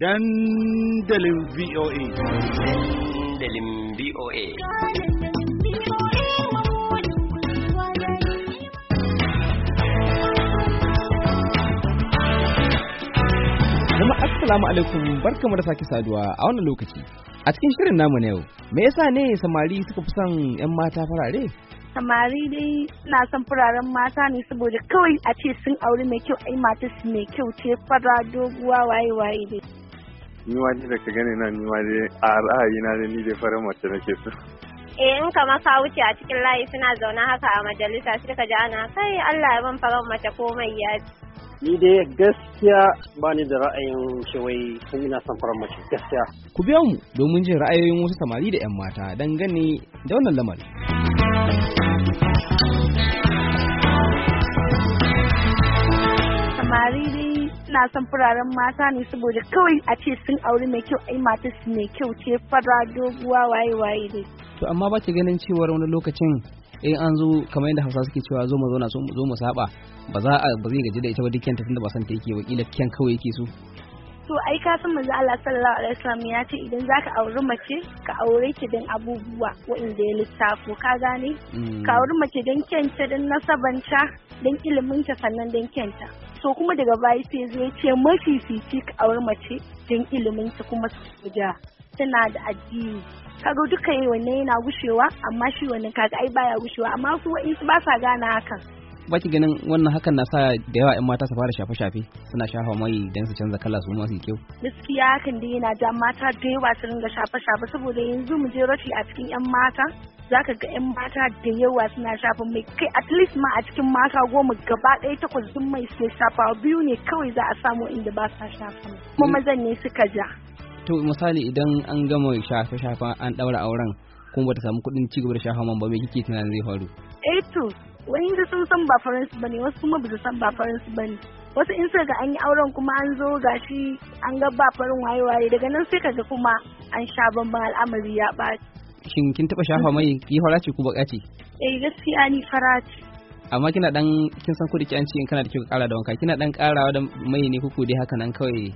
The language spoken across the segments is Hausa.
dandalin VOA. Dandalin VOA. Jama'a assalamu alaikum barkamu da sake saduwa a wannan lokaci. A cikin shirin namu na yau, me yasa ne samari suka fi son 'yan mata farare? samari dai na son fararen mata ne saboda kawai a ce sun auri mai kyau ai matarsu mai kyau ce fara doguwa waye waye dai ni ma da ka gane na ni ma dai a na da ni dai farin mace nake so eh in kama ka wuce a cikin layi suna zaune haka a majalisa sai ka ji ana kai Allah ya ban farin mace mai ya ni dai gaskiya ba ni da ra'ayin shawai sun ina son farin mace gaskiya ku biya mu domin jin ra'ayoyin wasu samari da 'yan mata dangane da wannan lamari samari dai na son furaren mata ne saboda kawai a ce sun auri mai kyau ai mata su mai kyau ce fara doguwa waye waye dai to amma ba ki ganin cewar wani lokacin in an zo kamar yadda hausa suke cewa zo mu zauna zo mu saba ba za a ba zai gaji da ita ba dukkan ta tunda ba san ta yake kila kyan kawai yake so to ai ka san manzo Allah sallallahu alaihi wasallam ya ce idan zaka auri mace ka aure ki dan abubuwa waɗanda ya lissafo ka gane mm. ka auri mace dan kyanta dan nasabanta dan ilimin ta sannan dan kyanta so kuma daga baya sai zai ce mafi fifi ka wani mace don ilimin ta kuma da tana da addini kaga duka yi wannan yana gushewa amma shi wannan kaga ai baya gushewa amma su wa'insu ba sa gane hakan baki ganin wannan hakan na sa da yawa 'yan mata su fara shafe-shafe suna shafa mai don su canza kala su masu kyau. Gaskiya hakan da yana da mata da yawa su ringa shafe-shafe saboda yanzu mu je rafi a cikin 'yan mata zaka ga 'yan mata da yawa suna shafa mai kai at least ma a cikin mata goma gaba ɗaya takwas din mai suke shafa biyu ne kawai za a samu inda ba sa shafa kuma mm. mazan ne suka ja. To misali idan an gama shafe-shafe an ɗaura auren kuma bata samu kuɗin cigaba da shafa man ba me kike tunanin zai faru? Eh to wani da sun san ba faransu bane wasu kuma bisa san ba faransu bane wasu in sai ga an yi auren kuma an zo gashi an ga ba farin waye waye daga nan sai kaga kuma an sha bamban al'amari ya ɓaci. shin kin taba shafa mai yi fara ce ko baka eh gaskiya ni farace. amma kina dan kin san kudi da an ce in kana da kyau kara da wanka kina dan karawa da mai ne kuku dai haka nan kawai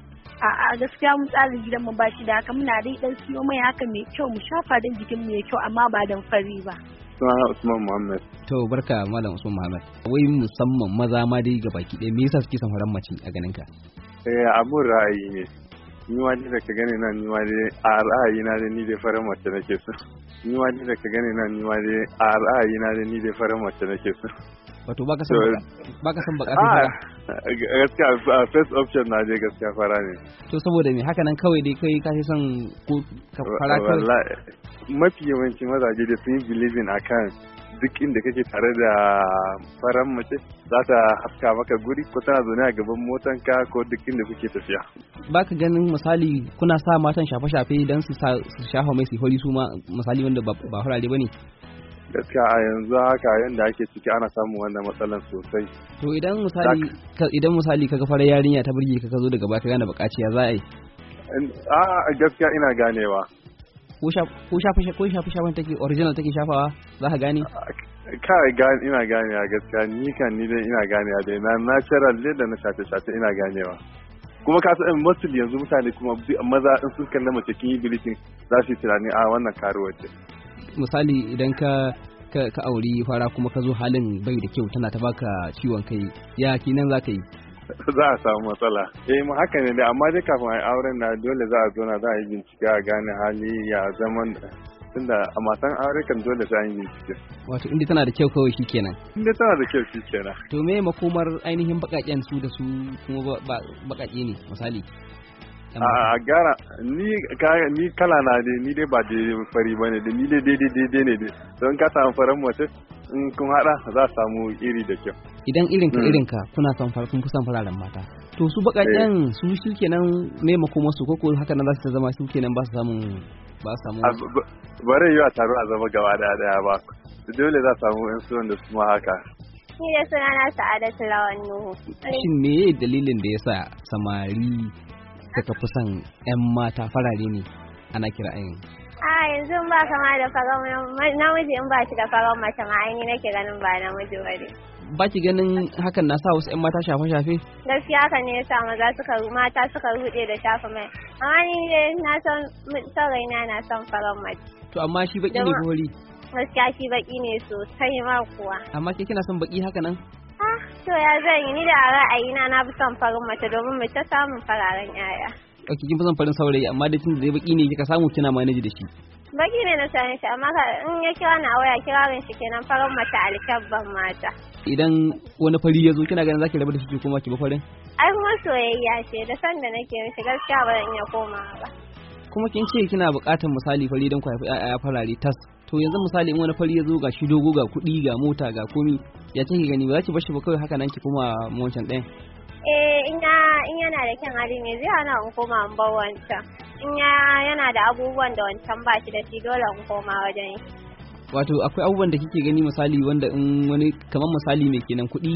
a'a gaskiya mun tsara gidan mu ba shi da haka muna dai dan siyo mai haka mai kyau mu shafa dan jikin mu ya kyau amma ba dan fari ba sunana Usman Muhammad. To barka Malam Usman Muhammad. Wai musamman maza ma dai ga baki ɗaya me yasa suke son faran mace a ganin ka? Eh abun ra'ayi ne. Ni ma da ka gane nan ni ma dai a ra'ayi na dai ni dai faran mace nake so. Ni ma da ka gane nan ni ma dai a ra'ayi na dai ni dai faran mace nake so. wato baka san baka san baka fara. Ah, gaskiya ah, first option na je gaskiya fara ne to saboda me haka nan kawai dai kai kashi son ko ka fara kawai mafi yawanci mazaje da sun yi believing akan duk inda kake tare da faran mace za ta haska maka guri ko tana zaune a gaban motan ka ko duk inda kuke tafiya. Baka ganin misali kuna sa matan shafe-shafe don su shafa mai su hori su ma misali wanda ba hurare ba ne gaskiya a yanzu haka yadda ake ciki ana samun wannan matsalan sosai to idan misali idan misali kaga farar yarinya ta burge ka zo daga baka gane bukaciya za a yi a gaskiya ina ganewa ko shafi ko shafi shafi take original take shafawa za ka gane kai gane ina ganewa gaskiya ni kan ni dai ina ganewa dai na natural ne da na shafi shafi ina ganewa kuma ka san mutum yanzu mutane kuma maza in sun kalle mace kin yi bilikin za su yi tunani a wannan karuwa ce misali idan ka ka auri fara kuma ka zo halin bai da kyau tana ta baka ciwon kai ya kinan za ka yi za a samu matsala eh mu haka ne amma dai kafin a auren na dole za a zo na za a yi bincike a gane hali ya zaman tunda a matan aure kan dole za a yi bincike wato inda tana da kyau kawai shikenan inda tana da kyau shikenan to me makomar ainihin bakaken su da su kuma bakaki ne misali a gyara ni ni kala na dai ni dai ba dai fari bane da ni dai daidai daidai ne dai don ka samu farin mace in kun hada za a samu iri da kyau idan irin ka mm. irin ka kuna son farkon kusan fararen mata to su bakaken eh. su shi kenan ne makoma su koko haka nan za su zama su kenan ba su samu ba su samu bare a taro a zama gaba daya daya ba dole za samu in su wanda su haka ni da sunana sa'adatu lawan nuhu shin ne dalilin da ya sa samari Suka kusan son 'yan mata farare ne ana kira'ayin? A yanzu ba kama da farar namiji in ba shi da farar mace ma aini nake ganin ba namiji ba ne. Ba ki ganin hakan na sa wasu 'yan mata shafe-shafe? Gaskiya haka ne yasa maza suka mata suka rude da shafa mai. Amma ni ne na san saurayina na son farar mace. To amma shi baki ne gori. Gaskiya shi baki ne sosai ma kuwa. Amma ke kina son baki haka nan? Ah, to ya zan yi ni da ra'ayina na fi son farin mace domin mace samun fararen 'ya'ya. Ake kin fi son farin saurayi amma da tun da baki ne kika samu kina manage da shi. Baki ne na sani shi amma in ya kira na waya kirarin shi kenan farin mace alkyabban mata. Idan wani fari ya zo kina ganin zaki rabu da shi kuma ki bi farin? Ai kuma soyayya ce da san da nake mishi gaskiya ba zan iya komawa ba. Kuma kin ce kina buƙatar misali fari don ku haifi 'ya'ya farare tas. to yanzu misali in wani fari ya zo ga shi dogo ga kuɗi ga mota ga komi ya ce ki gani ba za ki bashi ba kawai haka nan ki koma wancan ɗaya. eh in yana da kyan hali ne zai hana in koma in bar wancan in yana da abubuwan da wancan ba shi da shi dole in koma wajen yi. wato akwai abubuwan da kike gani misali wanda in wani kamar misali mai kenan kuɗi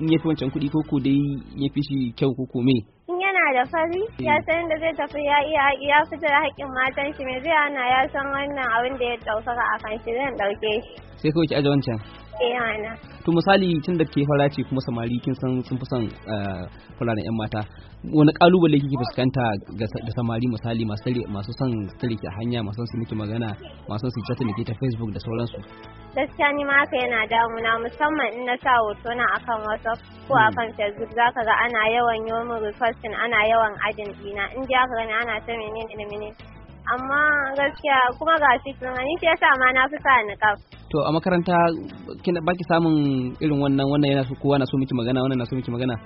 in ya fi wancan kuɗi ko ko dai ya fi shi kyau ko ko me. da fari ya san yadda zai tafi ya iya ya fita da haƙƙin matan shi mai zai ana ya san wannan abin da ya ɗaukaka a kan shi zan ɗauke shi. Sai kawai ki aje wancan. Eh, to misali tun da ke fara ce kuma samari kin san sun fi son fararen eh, yan mata wani kalubale kike fuskanta da samari misali masu son tare ki hanya masu son miki magana masu su chat miki ta Facebook da sauransu gaskiya ni ma haka yana damuna musamman in na sa hoto na akan WhatsApp ko akan hmm. Facebook zaka ga ana yawan yomin requesting ana yawan ajin dina in ji aka gani ana ta menene menene amma gaskiya kuma ga shi tunani shi yasa ma na fi sa kaf. to a makaranta baki samun irin wannan wannan yana so kowa na so miki magana wannan na so miki magana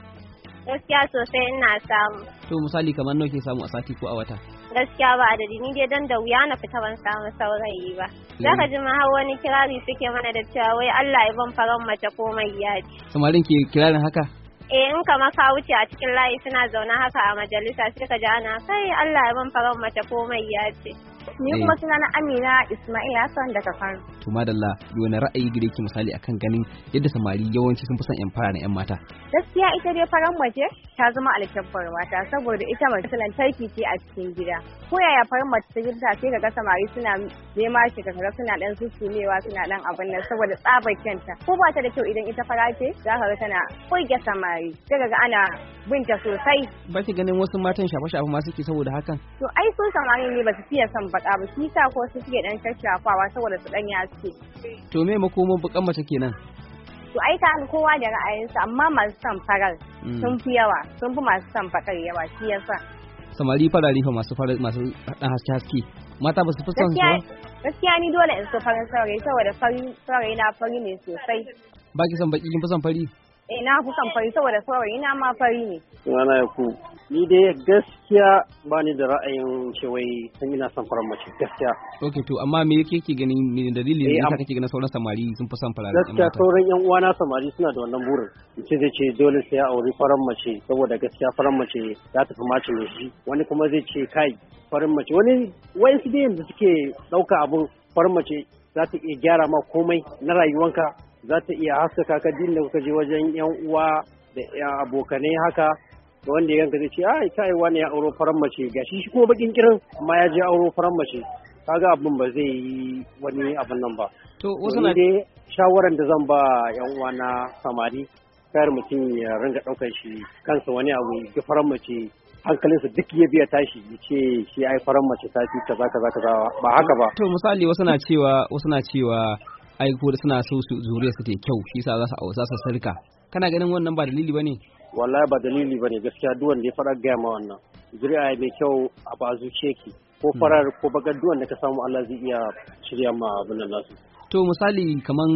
gaskiya sosai ina samu to misali kamar nawa ke samu a sati ko a wata gaskiya ba adadi ni dai dan da wuya na fita ban samu saurayi ba za ka eh. ji ma har wani kirari suke mana da cewa wai Allah ya ban faran mace ko mai yaji. samarin ki kirarin haka eh in ka maka wuce a cikin layi suna zaune haka a majalisa sai ka ji ana kai Allah ya ban fara mace komai ya ce Ni eh. kuma suna na Amina Ismail Hassan daga Kano. To madalla, wani ra'ayi gida ki misali akan ganin yadda samari yawanci sun fi son yan fara na yan mata. Gaskiya ita dai faran mace ta zama alkyabbar mata saboda ita mace lantarki ce a cikin gida. Ko yaya faran mace ta girta sai ga samari suna nema shi ga suna dan susumewa suna dan abin nan saboda tsabar kyanta. Ko ba ta da kyau idan ita fara ce za ka ga tana koyge samari. Sai ga ana binta sosai. Ba ki ganin wasu matan shafe-shafe ma suke saboda hakan. To ai su samari ne ba su fiye son baka faɗa ba shi sa ko su suke dan shashafawa saboda su dan ya suke to me makomar bukan mace kenan to ai ka kowa da ra'ayinsa amma masu son farar mm. sun fi yawa sun fi masu son fakar yawa shi yasa samari farari fa masu farar masu dan haske haske mata ba su fi son gaskiya ni dole in so farin saurayi saboda farin saurayi na fari ne sosai baki son baki kin fi son fari Eh na fi son fari saboda saurayi na ma fari ne. Sunana ya ku. Ni dai gaskiya ba ni da ra'ayin shewai sun ina son fara mace gaskiya. Ok to amma me yake ke ganin me dalili ne eh, yasa kake ganin sauran samari sun fi son farar Gaskiya sauran yan uwana samari suna da wannan burin. Ce zai ce dole sai a auri farar mace saboda gaskiya farar mace za ta fi mace ne shi wani kuma zai ce kai farin mace wani wai su dai yanzu suke ɗauka abun farin mace za ta iya gyara ma komai na rayuwanka za ta iya haskaka ka din da kuka je wajen yan uwa da abokanai haka da wanda ya ganka zai ce ai kai wani ya auro faran mace gashi shi kuma bakin kirin amma ya je auro faran mace kaga abin ba zai yi wani abin nan ba to wasu na shawaran da zan ba yan uwa na samari kayar mutum ya ringa daukar shi kansa wani abu ga faran mace su duk ya biya tashi ya ce shi ai faran mace ta kaza kaza kaza ba haka ba to misali wasu na cewa wasu na cewa ai ko suna so su zuriya su ta kyau shi yasa za su auza su sarka kana ganin wannan ba dalili bane wallahi ba dalili bane gaskiya duk wanda ya fara gaya ma wannan zuriya mai kyau a ba zuciya ki ko hmm. farar ko bakar duk wanda ka samu Allah zai iya shirya ma abin nan nasu to misali kaman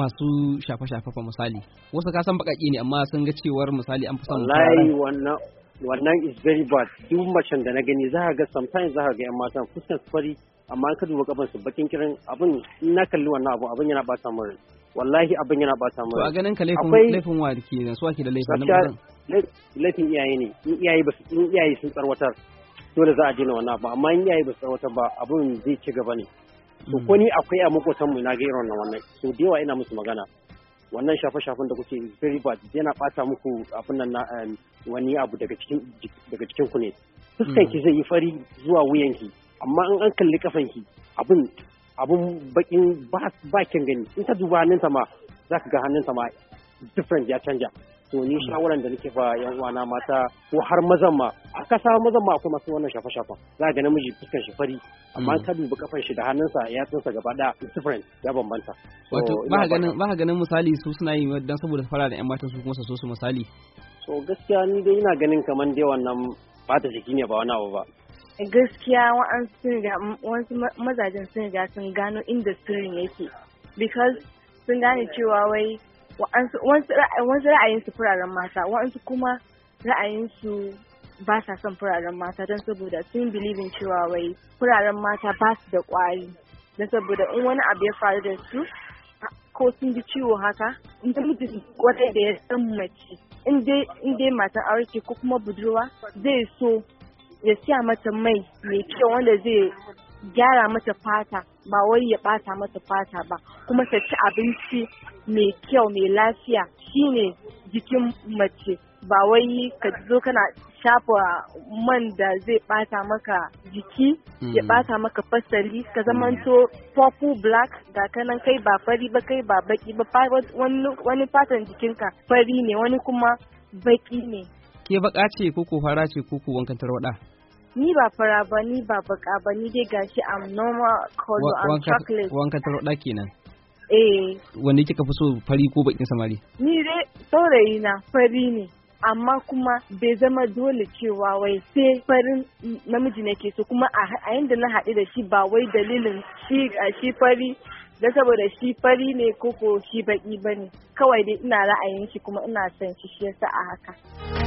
masu shafa shafa fa misali wasu ka san bakaki ne amma sun ga cewar misali an fi son wallahi wannan wannan is very bad duk macen da na gani za ga sometimes za ga yan matan kusan fari amma ka duba kafan su bakin kiran abin na kalli wannan abu abin yana bata mun wallahi abin yana bata mun to a ganin ka laifin laifin wa ke da su ake da laifin nan laifin iyaye ne in iyaye ba in iyaye sun tsarwatar dole za a daina wannan abu amma in iyaye ba su tsarwatar ba abin zai ci gaba ne to hmm. ko ni akwai a makotan mu na ga irin wannan wannan so da yawa ina musu magana wannan shafe-shafen da kuke very bad yana bata muku abin nan wani abu daga cikin ku ne hmm. Fuskanki zai yi fari zuwa wuyanki amma an an kalli kafanki abin abin bakin ba kin gani in ta duba hannunta ma za ka ga hannunta ma different ya canja to ni mm. shawaran da nake ba yan uwana mata ko har mazan ma a kasa mazan ma akwai masu wannan shafa shafa za ka ga namiji fuskar shi fari amma mm. ka duba kafan shi da hannunsa ya tsinsa gaba da different ya bambanta wato ba ganin ba ganin misali su suna yi dan saboda fara da yan matan su kuma su misali so gaskiya ni dai ina ganin kaman dai wannan ta jiki ne ba wani abu ba gaskiya wasu mazajen sun riga sun gano inda sirrin yake because sun gane cewa wai wasu su furaren mata wasu kuma ra'ayin su ba sa son furaren mata don saboda sun bilibin cewa wai furaren mata ba su da ƙwari don saboda in wani abu ya faru da su ko sun ji ciwo haka in namiji kwarai da ya san mace in dai matan aure ko kuma budurwa zai so ya siya mata mai mai kyau wanda zai gyara mata fata ba wai ya bata mata fata ba kuma ta ci abinci mai kyau mai lafiya shine jikin mace ba wai ka zo kana shafa man da zai bata maka jiki ya bata mm. maka fasali ka zamanto purple black ga kanan kai ba fari ba kai ba baki ba wani fatan jikinka fari ne wani kuma baki ne ke baka ce ko fara ce ko wankan tarwada ni ba fara ba ni ba baka ba ni dai gashi am normal color am chocolate wanka taro daki nan eh wanda kika fi so fari ko bakin samari ni dai saurayi na fari ne amma kuma bai zama dole cewa wai sai farin namiji nake so kuma a yanda na haɗu da shi ba wai dalilin shi fari da saboda shi fari ne ko shi baki bane kawai dai ina ra'ayin shi kuma ina son shi shi yasa a haka.